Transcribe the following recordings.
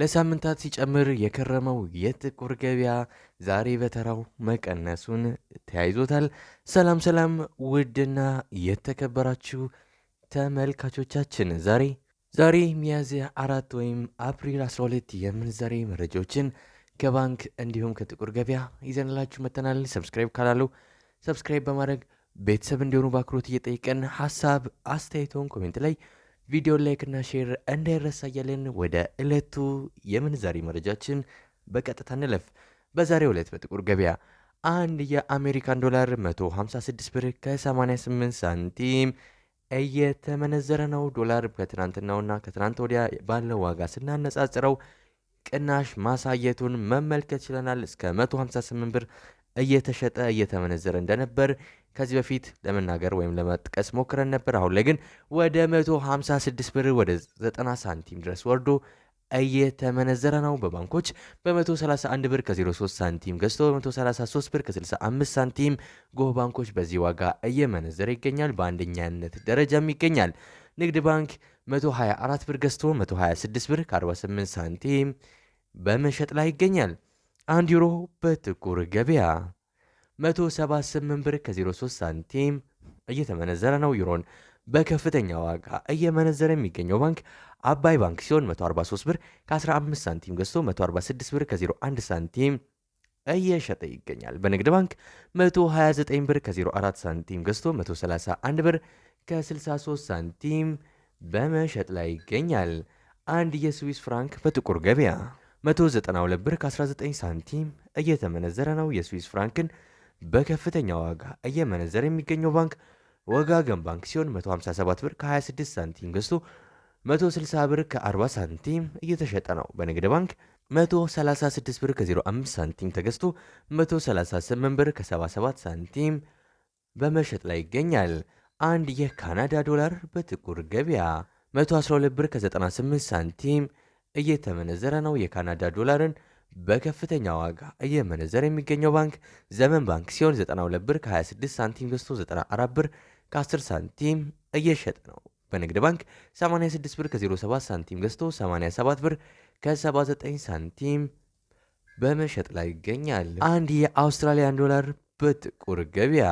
ለሳምንታት ሲጨምር የከረመው የጥቁር ገበያ ዛሬ በተራው መቀነሱን ተያይዞታል። ሰላም ሰላም! ውድና የተከበራችሁ ተመልካቾቻችን ዛሬ ዛሬ ሚያዝያ አራት ወይም አፕሪል 12 የምንዛሬ መረጃዎችን ከባንክ እንዲሁም ከጥቁር ገበያ ይዘንላችሁ መተናል። ሰብስክራይብ ካላሉ ሰብስክራይብ በማድረግ ቤተሰብ እንዲሆኑ በአክብሮት እየጠየቀን ሀሳብ አስተያየቶን ኮሜንት ላይ ቪዲዮ ላይክና ሼር እንዳይረሳ እያለን ወደ ዕለቱ የምንዛሬ መረጃችን በቀጥታ እንለፍ። በዛሬው ዕለት በጥቁር ገበያ አንድ የአሜሪካን ዶላር 156 ብር ከ88 ሳንቲም እየተመነዘረ ነው። ዶላር ከትናንትናውና ከትናንት ወዲያ ባለው ዋጋ ስናነጻጽረው ቅናሽ ማሳየቱን መመልከት ችለናል። እስከ 158 ብር እየተሸጠ እየተመነዘረ እንደነበር ከዚህ በፊት ለመናገር ወይም ለመጥቀስ ሞክረን ነበር። አሁን ላይ ግን ወደ 156 ብር ወደ 90 ሳንቲም ድረስ ወርዶ እየተመነዘረ ነው። በባንኮች በ131 ብር ከ03 ሳንቲም ገዝቶ በ133 ብር ከ65 ሳንቲም ጎህ ባንኮች በዚህ ዋጋ እየመነዘረ ይገኛል። በአንደኛነት ደረጃም ይገኛል። ንግድ ባንክ 124 ብር ገዝቶ 126 ብር ከ48 ሳንቲም በመሸጥ ላይ ይገኛል። አንድ ዩሮ በጥቁር ገበያ 178 ብር ከ03 ሳንቲም እየተመነዘረ ነው። ዩሮን በከፍተኛ ዋጋ እየመነዘረ የሚገኘው ባንክ አባይ ባንክ ሲሆን 143 ብር ከ15 ሳንቲም ገዝቶ 146 ብር ከ01 ሳንቲም እየሸጠ ይገኛል። በንግድ ባንክ 129 ብር ከ04 ሳንቲም ገዝቶ 131 ብር ከ63 ሳንቲም በመሸጥ ላይ ይገኛል። አንድ የስዊስ ፍራንክ በጥቁር ገበያ 192 ብር ከ19 ሳንቲም እየተመነዘረ ነው። የስዊስ ፍራንክን በከፍተኛ ዋጋ እየመነዘረ የሚገኘው ባንክ ወጋገን ባንክ ሲሆን 157 ብር ከ26 ሳንቲም ገዝቶ 160 ብር ከ40 ሳንቲም እየተሸጠ ነው። በንግድ ባንክ 136 ብር ከ05 ሳንቲም ተገዝቶ 138 ብር ከ77 ሳንቲም በመሸጥ ላይ ይገኛል። አንድ የካናዳ ዶላር በጥቁር ገበያ 112 ብር ከ98 ሳንቲም እየተመነዘረ ነው። የካናዳ ዶላርን በከፍተኛ ዋጋ እየመነዘረ የሚገኘው ባንክ ዘመን ባንክ ሲሆን 92 ብር ከ26 ሳንቲም ገዝቶ 94 ብር ከ10 ሳንቲም እየሸጠ ነው። በንግድ ባንክ 86 ብር ከ07 ሳንቲም ገዝቶ 87 ብር ከ79 ሳንቲም በመሸጥ ላይ ይገኛል። አንድ የአውስትራሊያን ዶላር በጥቁር ገበያ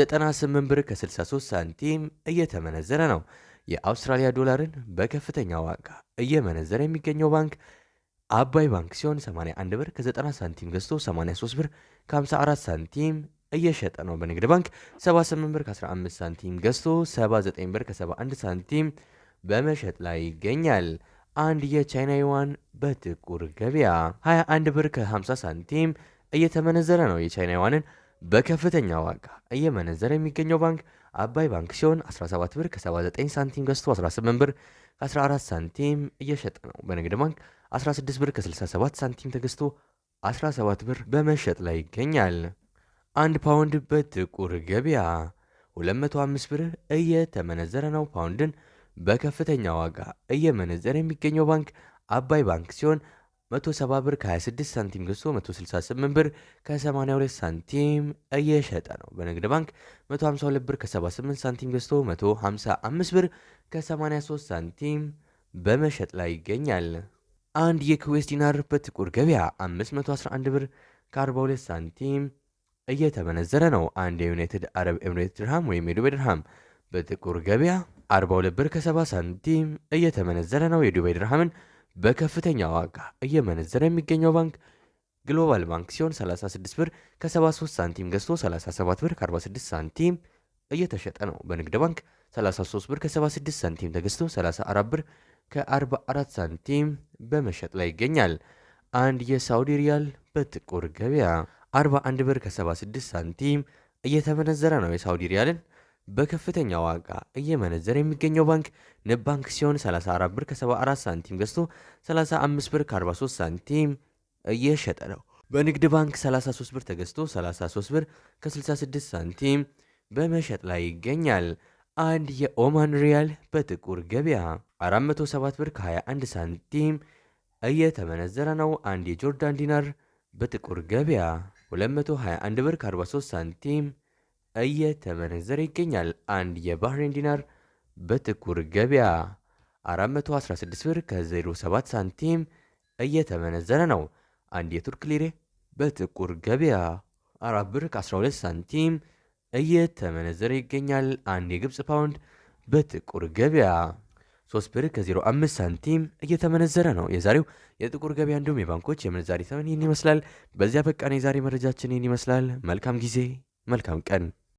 98 ብር ከ63 ሳንቲም እየተመነዘረ ነው። የአውስትራሊያ ዶላርን በከፍተኛ ዋጋ እየመነዘረ የሚገኘው ባንክ አባይ ባንክ ሲሆን 81 ብር ከ90 ሳንቲም ገዝቶ 83 ብር ከ54 ሳንቲም እየሸጠ ነው። በንግድ ባንክ 78 ብር ከ15 ሳንቲም ገዝቶ 79 ብር ከ71 ሳንቲም በመሸጥ ላይ ይገኛል። አንድ የቻይና ዩዋን በጥቁር ገበያ 21 ብር ከ50 ሳንቲም እየተመነዘረ ነው። የቻይና ዩዋንን በከፍተኛ ዋጋ እየመነዘረ የሚገኘው ባንክ አባይ ባንክ ሲሆን 17 ብር ከ79 ሳንቲም ገዝቶ 18 ብር ከ14 ሳንቲም እየሸጠ ነው። በንግድ ባንክ 16 ብር ከ67 ሳንቲም ተገዝቶ 17 ብር በመሸጥ ላይ ይገኛል። አንድ ፓውንድ በጥቁር ገበያ 205 ብር እየተመነዘረ ነው። ፓውንድን በከፍተኛ ዋጋ እየመነዘረ የሚገኘው ባንክ አባይ ባንክ ሲሆን 170 ብር ከ26 ሳንቲም ገዝቶ 168 ብር ከ82 ሳንቲም እየሸጠ ነው። በንግድ ባንክ 152 ብር ከ78 ሳንቲም ገዝቶ 155 ብር ከ83 ሳንቲም በመሸጥ ላይ ይገኛል። አንድ የኩዌስ ዲናር በጥቁር ገበያ 511 ብር ከ42 ሳንቲም እየተመነዘረ ነው። አንድ የዩናይትድ አረብ ኤምሬት ድርሃም ወይም የዱባይ ድርሃም በጥቁር ገበያ 42 ብር ከ70 ሳንቲም እየተመነዘረ ነው። የዱባይ ድርሃምን በከፍተኛ ዋጋ እየመነዘረ የሚገኘው ባንክ ግሎባል ባንክ ሲሆን 36 ብር ከ73 ሳንቲም ገዝቶ 37 ብር ከ46 ሳንቲም እየተሸጠ ነው። በንግድ ባንክ 33 ብር ከ76 ሳንቲም ተገዝቶ 34 ብር ከ44 ሳንቲም በመሸጥ ላይ ይገኛል። አንድ የሳውዲ ሪያል በጥቁር ገበያ 41 ብር ከ76 ሳንቲም እየተመነዘረ ነው። የሳውዲ ሪያልን በከፍተኛ ዋጋ እየመነዘረ የሚገኘው ባንክ ንብ ባንክ ሲሆን 34 ብር ከ74 ሳንቲም ገዝቶ 35 ብር ከ43 ሳንቲም እየሸጠ ነው። በንግድ ባንክ 33 ብር ተገዝቶ 33 ብር ከ66 ሳንቲም በመሸጥ ላይ ይገኛል። አንድ የኦማን ሪያል በጥቁር ገበያ 407 ብር ከ21 ሳንቲም እየተመነዘረ ነው። አንድ የጆርዳን ዲናር በጥቁር ገበያ 221 ብር ከ43 ሳንቲም እየተመነዘረ ይገኛል። አንድ የባህሬን ዲናር በጥቁር ገበያ 416 ብር ከ07 ሳንቲም እየተመነዘረ ነው። አንድ የቱርክ ሊሬ በጥቁር ገበያ 4 ብር ከ12 ሳንቲም እየተመነዘረ ይገኛል። አንድ የግብፅ ፓውንድ በጥቁር ገበያ 3 ብር ከ05 ሳንቲም እየተመነዘረ ነው። የዛሬው የጥቁር ገበያ እንዲሁም የባንኮች የምንዛሬ ተመን ይህን ይመስላል። በዚያ በቃን። የዛሬ መረጃችን ይህን ይመስላል። መልካም ጊዜ፣ መልካም ቀን